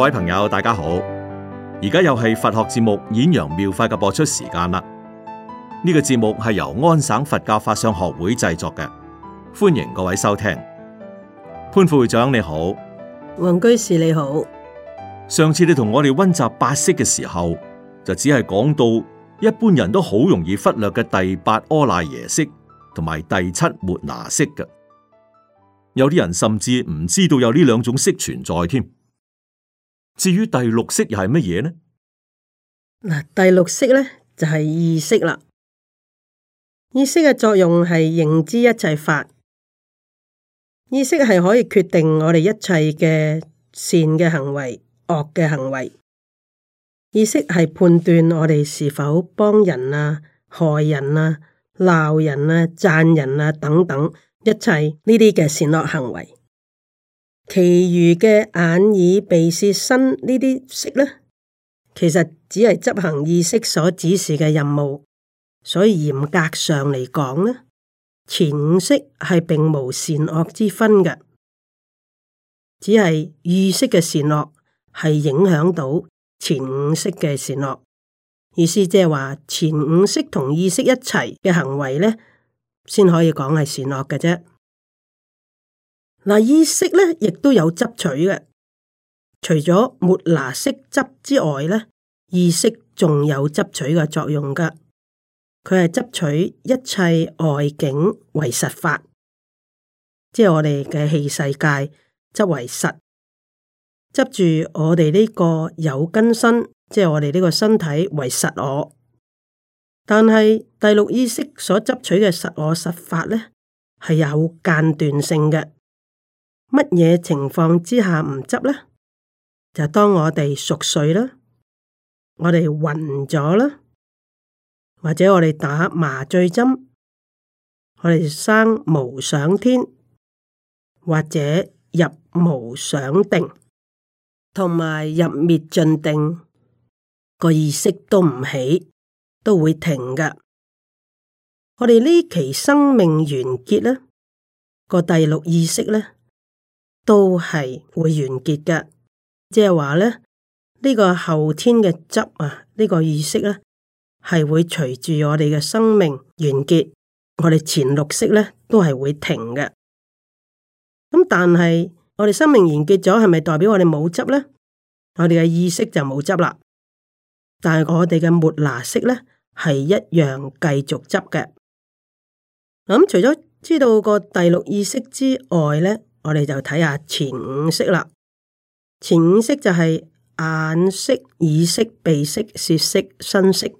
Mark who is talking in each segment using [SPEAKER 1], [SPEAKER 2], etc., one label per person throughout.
[SPEAKER 1] 各位朋友，大家好！而家又係佛學節目《演揚妙，妙法》嘅播出時間啦。呢、這個節目係由安省佛教法相學會製作嘅，歡迎各位收聽。潘副會長你好，王居士你好。上次你同我哋溫習八識嘅時候，就只係講到一般人都好容易忽略嘅第八阿賴耶識同埋第七末那識嘅。有啲人甚至唔知道有呢兩種識存在添。至於第六識又係乜嘢呢？
[SPEAKER 2] 嗱，第六識咧就係意識啦。意識嘅作用係認知一切法，意識係可以決定我哋一切嘅善嘅行為、惡嘅行為。意識係判斷我哋是否幫人啊、害人啊、鬧人啊、讚人啊等等一切呢啲嘅善惡行為。其餘嘅眼、耳、鼻、舌、身呢啲識咧，其實只係執行意識所指示嘅任務，所以嚴格上嚟講咧，前五識係並無善惡之分嘅，只係意識嘅善惡係影響到前五識嘅善惡，意思即係話前五識同意識一齊嘅行為咧，先可以講係善惡嘅啫。嗱，意識呢亦都有執取嘅，除咗末那識執之外呢，意識仲有執取嘅作用㗎。佢係執取一切外境為實法，即係我哋嘅器世界執為實，執住我哋呢個有根身，即係我哋呢個身體為實我。但係第六意識所執取嘅實我實法呢，係有間斷性嘅。乜嘢情況之下唔執呢？就當我哋熟睡啦，我哋暈咗啦，或者我哋打麻醉針，我哋生無想天，或者入無想定，同埋入滅盡定，個意識都唔起，都會停噶。我哋呢期生命完結啦，個第六意識呢。都係會完結嘅，即係話呢，呢、這個後天嘅執啊，呢、這個意識呢，係會隨住我哋嘅生命完結，我哋前六識呢，都係會停嘅。咁但係我哋生命完結咗，係咪代表我哋冇執呢？我哋嘅意識就冇執啦，但係我哋嘅末那識呢，係一樣繼續執嘅。咁、嗯、除咗知道個第六意識之外呢。我哋就睇下前五識啦。前五識就係眼識、耳識、鼻識、鼻識、舌識、身識。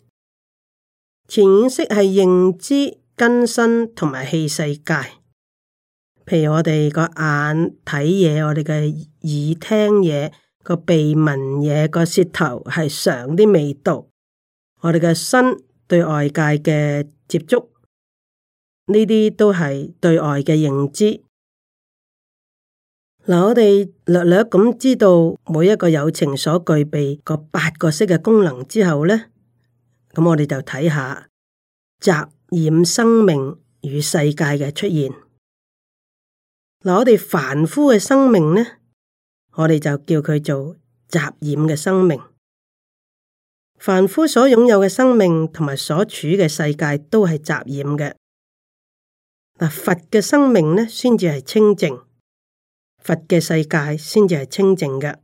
[SPEAKER 2] 前五識係認知、根身同埋器世界。譬如我哋個眼睇嘢，我哋嘅耳聽嘢，個鼻聞嘢，個舌頭係嚐啲味道。我哋嘅身對外界嘅接觸，呢啲都係對外嘅認知。嗱，我哋略略咁知道每一個有情所具備個八個識嘅功能之後呢，咁我哋就睇下雜染生命與世界嘅出現。嗱，我哋凡夫嘅生命呢，我哋就叫佢做雜染嘅生命。凡夫所擁有嘅生命同埋所處嘅世界都係雜染嘅。嗱，佛嘅生命呢，先至係清淨。佛嘅世界先至係清淨嘅。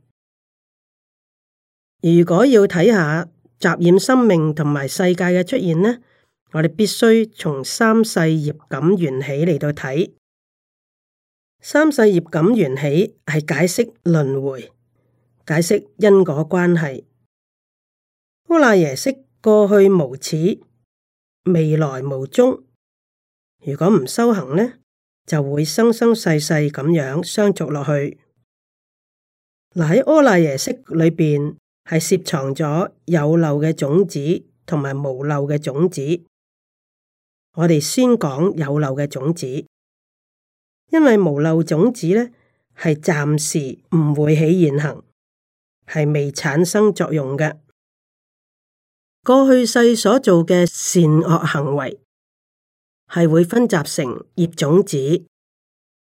[SPEAKER 2] 如果要睇下雜染生命同埋世界嘅出現呢，我哋必須從三世業感緣起嚟到睇。三世業感緣起係解釋輪迴，解釋因果關係。阿賴耶識過去無始，未來無終。如果唔修行呢，就會生生世世咁樣相續落去。嗱，喺阿賴耶識裏邊係攝藏咗有漏嘅種子同埋無漏嘅種子。我哋先講有漏嘅種子，因為無漏種子咧，係暫時唔會起現行，係未產生作用嘅。過去世所做嘅善惡行為。係會分集成業種子，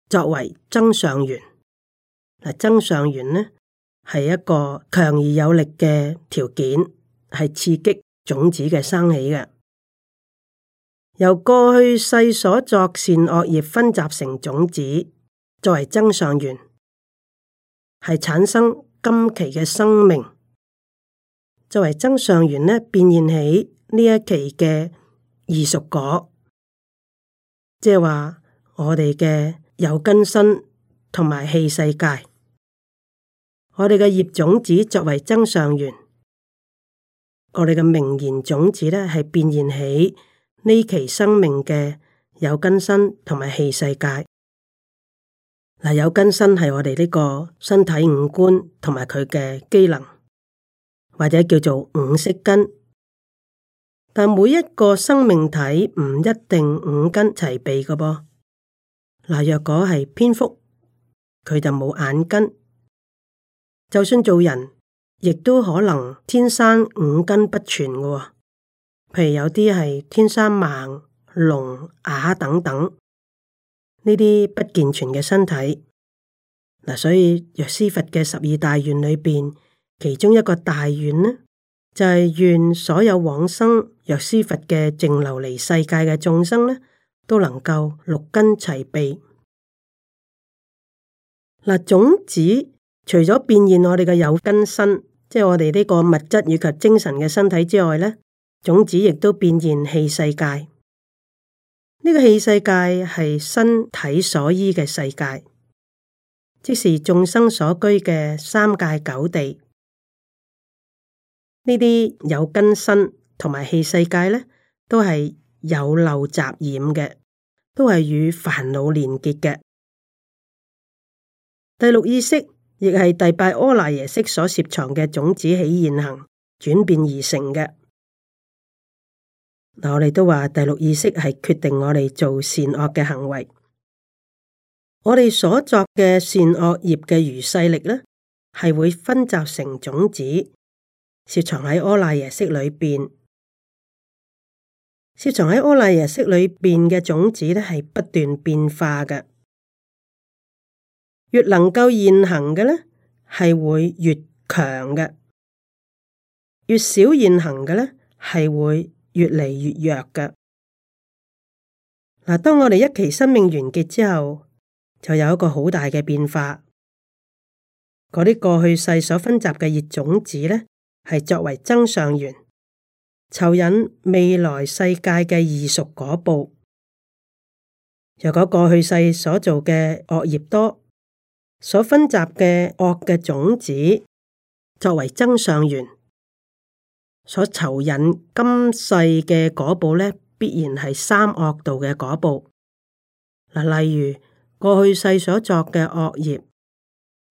[SPEAKER 2] 作為增上緣。嗱，增上緣呢係一個強而有力嘅條件，係刺激種子嘅生起嘅。由過去世所作善惡業分集成種子，作為增上緣，係產生今期嘅生命。作為增上緣呢，變現起呢一期嘅異熟果。即係話，我哋嘅有根身同埋器世界，我哋嘅業種子作為增上緣，我哋嘅名言種子咧係變現起呢期生命嘅有根身同埋器世界。嗱，有根身係我哋呢個身體五官同埋佢嘅機能，或者叫做五色根。但每一個生命體唔一定五根齊備嘅噃，嗱，若果係蝙蝠，佢就冇眼根；就算做人，亦都可能天生五根不全嘅。譬如有啲係天生盲、聾、啞等等，呢啲不健全嘅身體。嗱，所以藥師佛嘅十二大願裏邊，其中一個大願呢，就係、是、願所有往生。若藥師佛嘅淨琉璃世界嘅眾生呢，都能夠六根齊備。嗱、啊，種子除咗變現我哋嘅有根身，即係我哋呢個物質以及精神嘅身體之外呢，種子亦都變現器世界。呢、這個器世界係身體所依嘅世界，即是眾生所居嘅三界九地。呢啲有根身同埋器世界呢，都係有漏雜染嘅，都係與煩惱連結嘅。第六意識亦係第八阿賴耶識所攝藏嘅種子起現行轉變而成嘅。嗱，我哋都話第六意識係決定我哋做善惡嘅行為。我哋所作嘅善惡業嘅餘勢力呢，係會分集成種子，攝藏喺阿賴耶識裏邊。攝藏喺阿賴耶識裏面嘅種子咧，係不斷變化嘅。越能夠現行嘅呢，係會越強嘅；越少現行嘅呢，係會越嚟越弱嘅。嗱，當我哋一期生命完結之後，就有一個好大嘅變化。嗰啲過去世所分集嘅業種子呢，係作為增上緣。仇引未來世界嘅異熟果報，若果過去世所做嘅惡業多，所分集嘅惡嘅種子作為增上緣，所仇引今世嘅果報咧，必然係三惡道嘅果報。嗱，例如過去世所作嘅惡業，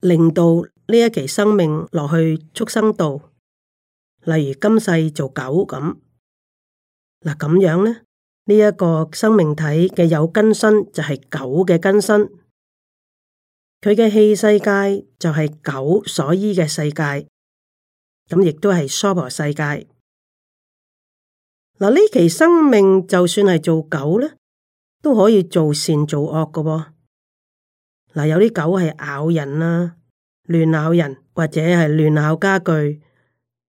[SPEAKER 2] 令到呢一期生命落去畜生道。例如今世做狗咁，嗱咁樣呢，呢一個生命體嘅有根身就係狗嘅根身，佢嘅氣世界就係狗所依嘅世界，咁亦都係娑婆世界。嗱呢期生命就算係做狗咧，都可以做善做惡噶。嗱有啲狗係咬人啦，亂咬人或者係亂咬家具。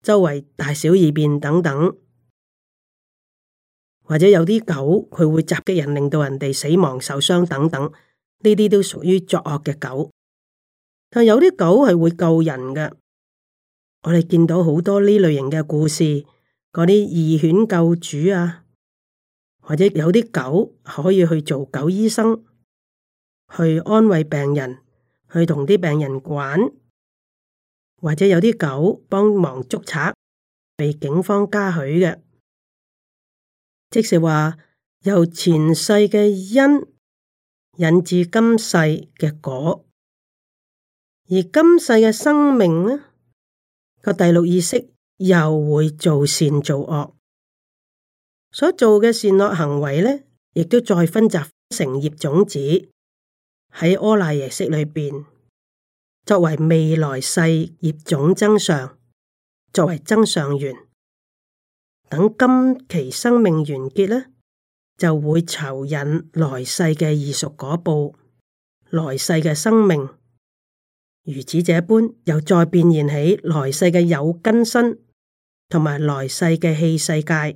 [SPEAKER 2] 周圍大小二便等等，或者有啲狗佢會襲擊人，令到人哋死亡受傷等等，呢啲都屬於作惡嘅狗。但有啲狗係會救人嘅，我哋見到好多呢類型嘅故事，嗰啲義犬救主啊，或者有啲狗可以去做狗醫生，去安慰病人，去同啲病人玩。或者有啲狗幫忙捉賊，被警方嘉許嘅。即是話由前世嘅因引致今世嘅果，而今世嘅生命呢個第六意識又會做善做惡，所做嘅善惡行為呢，亦都再分集成業種子喺阿賴耶識裏邊。作為未來世業種增上，作為增上緣，等今期生命完結呢，就會酬引來世嘅異熟果報，來世嘅生命如此這般，又再變現起來世嘅有根身，同埋來世嘅器世界。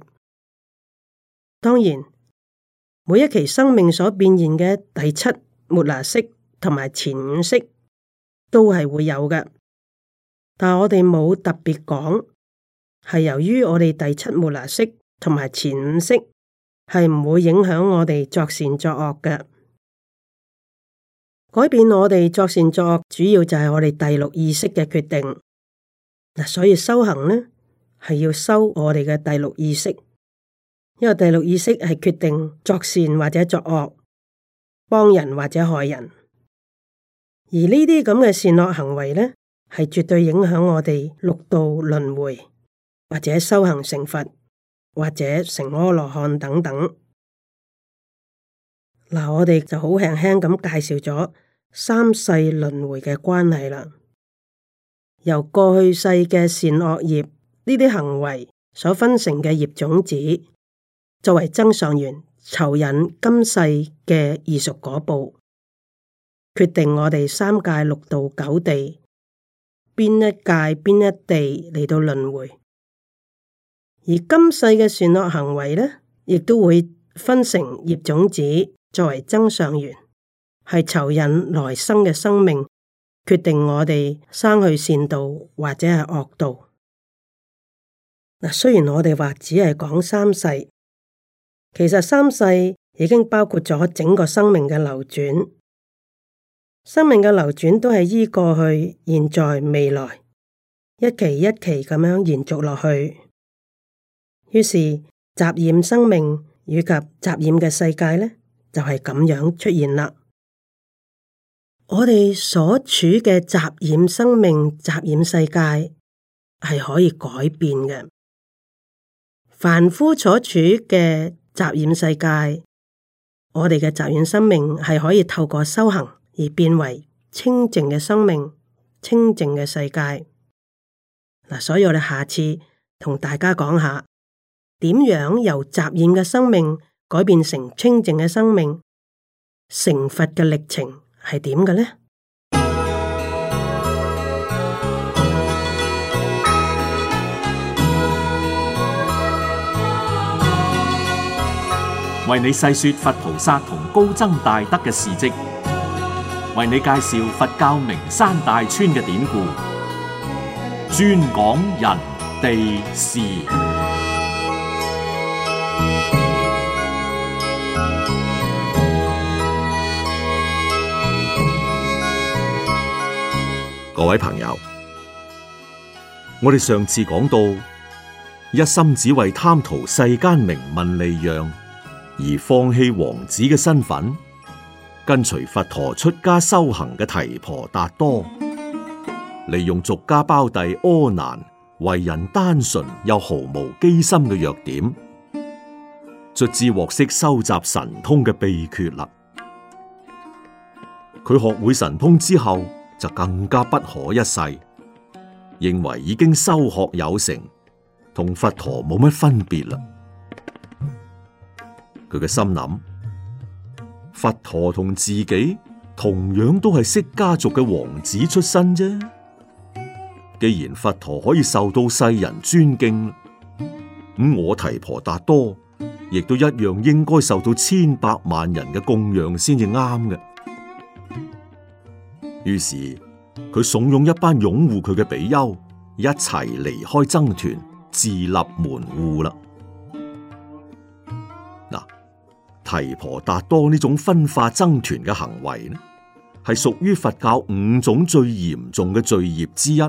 [SPEAKER 2] 當然，每一期生命所變現嘅第七末那識同埋前五識，都係會有嘅，但我哋冇特別講，係由於我哋第七末那識同埋前五識係唔會影響我哋作善作惡嘅，改變我哋作善作惡主要就係我哋第六意識嘅決定。嗱，所以修行咧係要修我哋嘅第六意識，因為第六意識係決定作善或者作惡，幫人或者害人。而呢啲咁嘅善惡行為呢，係絕對影響我哋六道輪迴，或者修行成佛，或者成阿羅漢等等。嗱，我哋就好輕輕咁介紹咗三世輪迴嘅關係啦。由過去世嘅善惡業呢啲行為所分成嘅業種子，作為增上緣，酬引今世嘅異熟果報。決定我哋三界六道九地邊一界邊一地嚟到輪回，而今世嘅善惡行為呢，亦都會分成業種子作為增上緣，係吸引來生嘅生命，決定我哋生去善道或者係惡道。嗱，雖然我哋話只係講三世，其實三世已經包括咗整個生命嘅流轉。生命嘅流轉都係依過去、現在、未來一期一期咁樣延續落去。於是，雜染生命以及雜染嘅世界咧，就係咁樣出現啦。我哋所處嘅雜染生命、雜染世界係可以改變嘅。凡夫所處嘅雜染世界，我哋嘅雜染生命係可以透過修行。而變為清淨嘅生命、清淨嘅世界。嗱，所以我哋下次同大家講下，點樣由雜染嘅生命改變成清淨嘅生命，成佛嘅歷程係點嘅呢？
[SPEAKER 1] 為你細說佛菩薩同高僧大德嘅事跡。為你介紹佛教名山大川嘅典故，專講人地事。各位朋友，我哋上次講到，一心只為貪圖世間名聞利養而放棄王子嘅身份。跟隨佛陀出家修行嘅提婆達多，利用俗家胞弟阿難為人單純又毫無機心嘅弱點，卒之獲悉收集神通嘅秘訣啦。佢學會神通之後，就更加不可一世，認為已經修學有成，同佛陀冇乜分別啦。佢嘅心諗。佛陀同自己同樣都係釋迦族嘅王子出身啫。既然佛陀可以受到世人尊敬，咁我提婆達多亦都一樣應該受到千百萬人嘅供養先至啱嘅。於是佢慫恿一班擁護佢嘅比丘一齊離開僧團，自立門戶啦。提婆達多呢種分化僧團嘅行為呢，係屬於佛教五種最嚴重嘅罪業之一，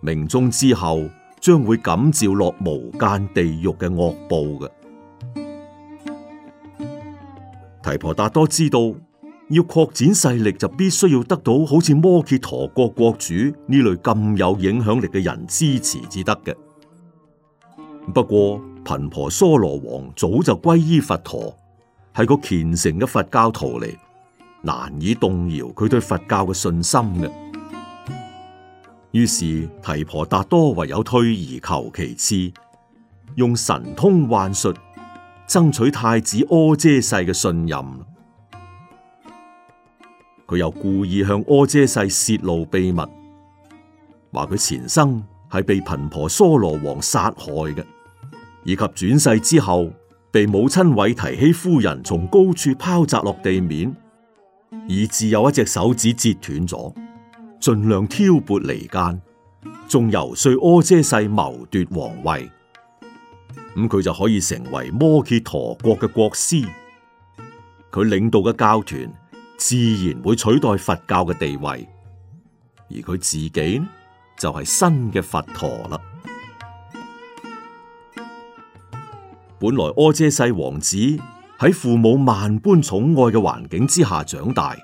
[SPEAKER 1] 命終之後將會感召落無間地獄嘅惡報嘅。提婆達多知道要擴展勢力就必須要得到好似摩羯陀國國主呢類咁有影響力嘅人支持至得嘅，不過。頻婆娑羅王早就皈依佛陀，係個虔誠嘅佛教徒嚟，難以動搖佢對佛教嘅信心嘅。於是提婆達多唯有退而求其次，用神通幻術爭取太子阿闍世嘅信任。佢又故意向阿闍世洩露秘密，話佢前生係被頻婆娑羅王殺害嘅。以及轉世之後，被母親韋提希夫人從高處拋砸落地面，以至有一隻手指折斷咗，盡量挑撥離間，仲遊說阿闍世謀奪皇位，咁、嗯、佢就可以成為摩羯陀國嘅國師，佢領導嘅教團自然會取代佛教嘅地位，而佢自己就係、是、新嘅佛陀啦。本來阿闍世王子喺父母萬般寵愛嘅環境之下長大，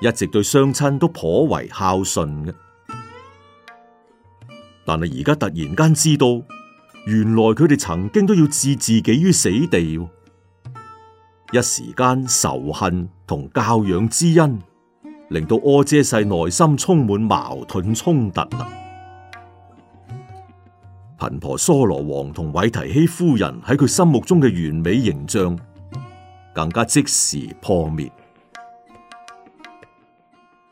[SPEAKER 1] 一直對雙親都頗為孝順嘅。但係而家突然間知道，原來佢哋曾經都要置自己於死地，一時間仇恨同教養之恩，令到阿闍世內心充滿矛盾衝突。頻婆娑羅王同韋提希夫人喺佢心目中嘅完美形象，更加即時破滅。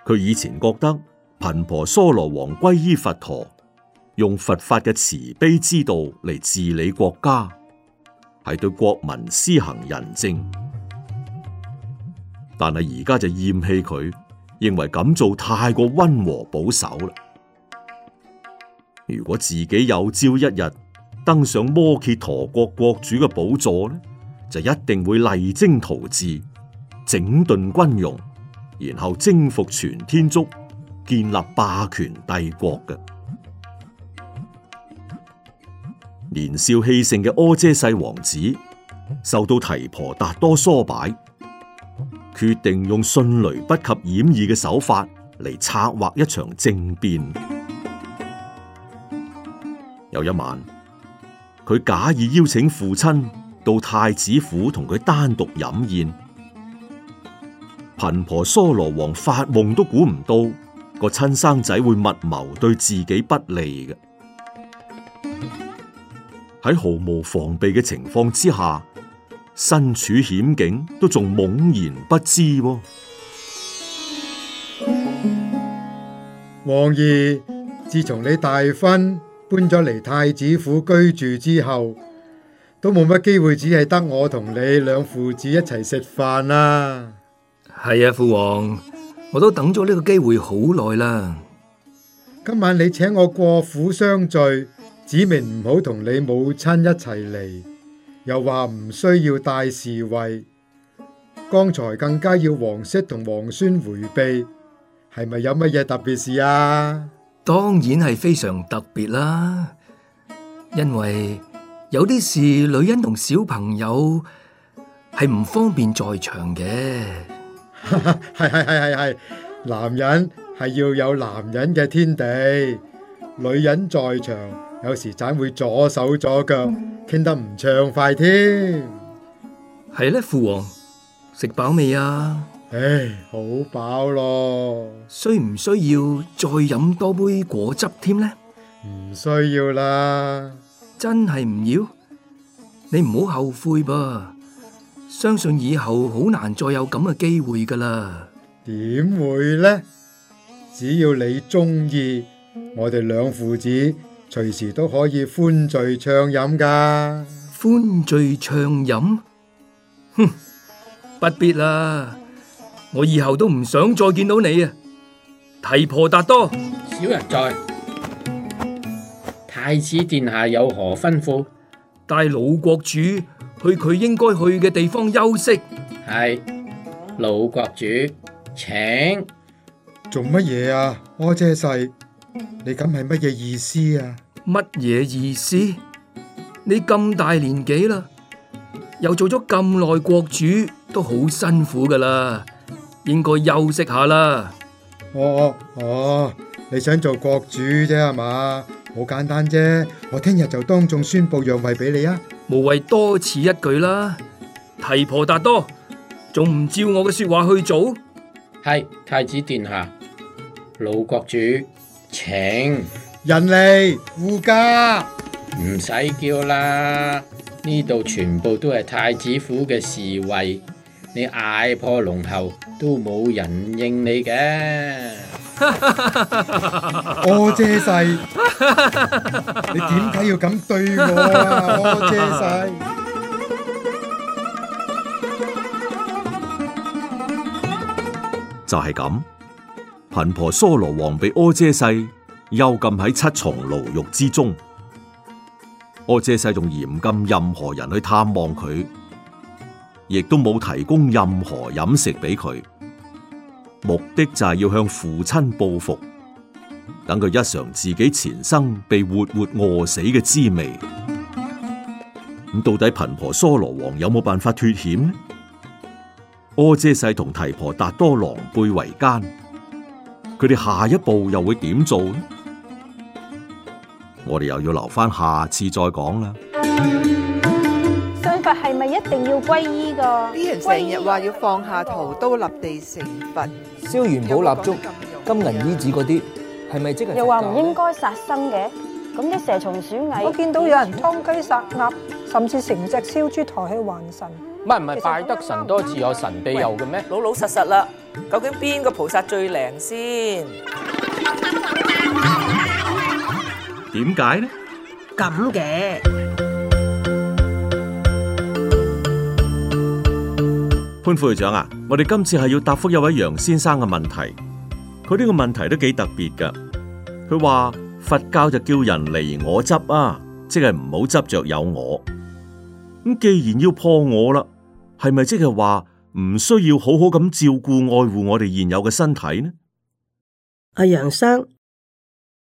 [SPEAKER 1] 佢以前覺得頻婆娑羅王皈依佛陀，用佛法嘅慈悲之道嚟治理國家，係對國民施行仁政。但係而家就厭棄佢，認為咁做太過溫和保守啦。如果自己有朝一日登上摩羯陀國國主嘅寶座呢，就一定會勵精圖治，整頓軍容，然後征服全天竺，建立霸權帝國嘅。年少氣盛嘅阿闍世王子受到提婆達多唆擺，決定用迅雷不及掩耳嘅手法嚟策劃一場政變。有一晚，佢假意邀請父親到太子府同佢單獨飲宴。頻婆娑羅王發夢都估唔到個親生仔會密謀對自己不利嘅，喺毫無防備嘅情況之下，身處險境都仲懵然不知啊。
[SPEAKER 3] 王兒，自從你大婚搬咗嚟太子府居住之後，都冇乜機會，只係得我同你兩父子一齊食飯啦。係啊，父王，我都等咗呢個機會好耐啦。今晚你請我過府相聚，指明唔好同你母親一齊嚟，又話唔需要帶侍衛，剛才更加要皇室同皇孫回避，係咪有乜嘢特別事啊？當然係非常特別啦，因為有啲事女人同小朋友係唔方便在場嘅。係係係係係，男人係要有男人嘅天地，女人在場有時盞會左手左腳傾得唔暢快添。係咧， 父王食飽未啊？唉、哎，好飽咯！需唔需要再飲多杯果汁添呢？唔需要啦，真係唔要。你唔好後悔噃，相信以後好難再有咁嘅機會噶啦。點會呢？只要你中意，我哋兩父子隨時都可以歡聚暢飲噶。歡聚暢飲？哼，不必啦。我以後都唔想再見到你啊！提婆達多，小人在。太子殿下有何吩咐？帶老國主去佢應該去嘅地方休息。係，老國主，請。做乜嘢啊？阿闍世，你咁係乜嘢意思啊？乜嘢意思？你咁大年紀啦，又做咗咁耐國主，都好辛苦噶啦。應該休息下啦。哦哦哦，你想做國主啫係嘛？好簡單啫，我聽日就當眾宣布讓位俾你啊！無謂多此一舉啦，提婆達多仲唔照我嘅說話去做？係太子殿下，老國主，請人嚟護駕，唔使叫啦，呢度全部都係太子府嘅侍衛。你嗌破龍頭都冇人應你嘅，阿、 啊、闍世，你點解要咁對我啊？阿、啊、闍世，
[SPEAKER 1] 就係咁，頻婆娑羅王被阿、啊、闍世幽禁喺七重牢獄之中，阿、啊、闍世仲嚴禁任何人去探望佢。亦都冇提供任何飲食俾佢，目的就係要向父親報復，等佢一嘗自己前生被活活餓死嘅滋味。咁到底頻婆娑羅王有冇辦法脫險呢？阿闍世同提婆達多狼狽為奸，佢哋下一步又會點做呢？我哋又要留翻下，下次再講啦。
[SPEAKER 2] 係咪一定要皈依
[SPEAKER 3] 噶？成日話要放下屠刀立地成佛，
[SPEAKER 1] 燒元寶蠟燭、
[SPEAKER 3] 金銀衣紙嗰啲，係咪即係？又話唔應
[SPEAKER 2] 該殺生嘅，咁啲蛇蟲鼠蟻，我見到有人劏雞殺鴨，甚至成隻燒豬抬去還神。
[SPEAKER 3] 唔係唔係，拜得神多次有神庇佑嘅咩？老老實實啦，究竟邊個菩薩最靈
[SPEAKER 2] 先？
[SPEAKER 1] 點解呢？
[SPEAKER 2] 咁嘅。
[SPEAKER 1] 潘副會長啊，我哋今次係要答覆一位楊先生嘅問題。佢呢個問題都幾特別噶。佢話佛教就叫人離我執啊，即係唔好執着有我。咁既然要破我啦，係咪即係話唔需要好好咁照顧愛護我哋現有嘅身體呢？
[SPEAKER 2] 阿、啊、楊生，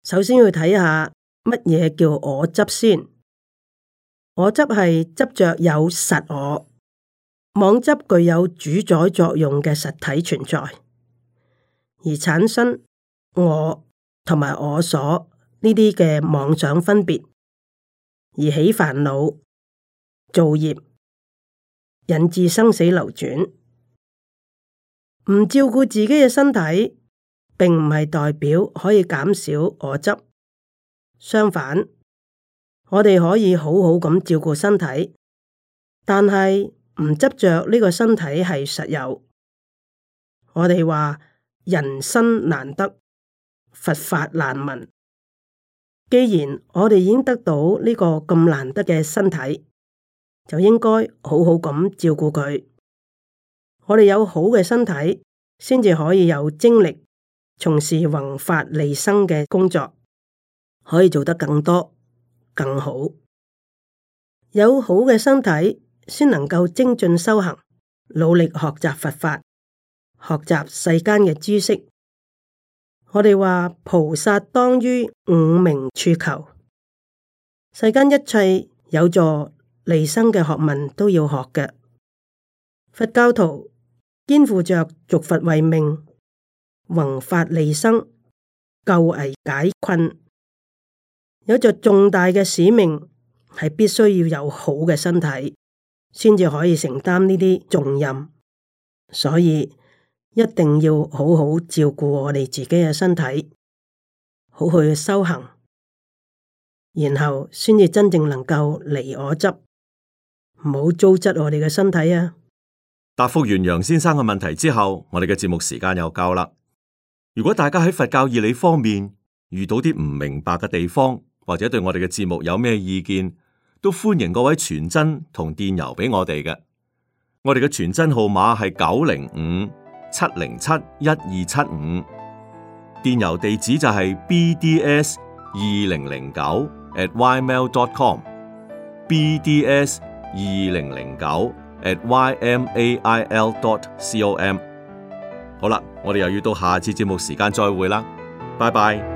[SPEAKER 2] 首先要睇下乜嘢叫我執先。我執係執着有實我。妄執具有主宰作用嘅實體存在，而產生我同埋我所呢啲嘅妄想分別，而起煩惱、造業，引致生死流轉。唔照顧自己嘅身體，並唔係代表可以減少我執，相反，我哋可以好好咁照顧身體，但係。唔執着呢個身體係實有，我哋話人生難得，佛法難聞。既然我哋已經得到呢個咁難得嘅身體，就應該好好咁照顧佢。我哋有好嘅身體，先至可以有精力從事宏法利生嘅工作，可以做得更多更好。有好嘅身體。先能夠精進修行，努力學習佛法，學習世間嘅知識。我哋話菩薩當於五明處求，世間一切有助利生嘅學問都要學嘅。佛教徒肩負着續佛為命、弘法利生、救危解困，有着重大嘅使命，係必須要有好嘅身體。先至可以承擔呢啲重任，所以一定要好好照顧我哋自己嘅身體，好去修行，然後先至真正能夠離我執，唔好糟質我哋嘅身體啊！
[SPEAKER 1] 答覆完楊先生嘅問題之後，我哋嘅節目時間又夠啦。如果大家喺佛教義理方面遇到啲唔明白嘅地方，或者對我哋嘅節目有咩意見，都歡迎各位傳真同電郵俾我哋嘅。我哋嘅傳真號碼係九零五七零七一二七五，電郵地址就係 bds 二零零九 at ymail.com，bds 二零零九 at ymail.com。Ym com ym com 好啦，我哋又要到下次節目時間再會啦，拜拜。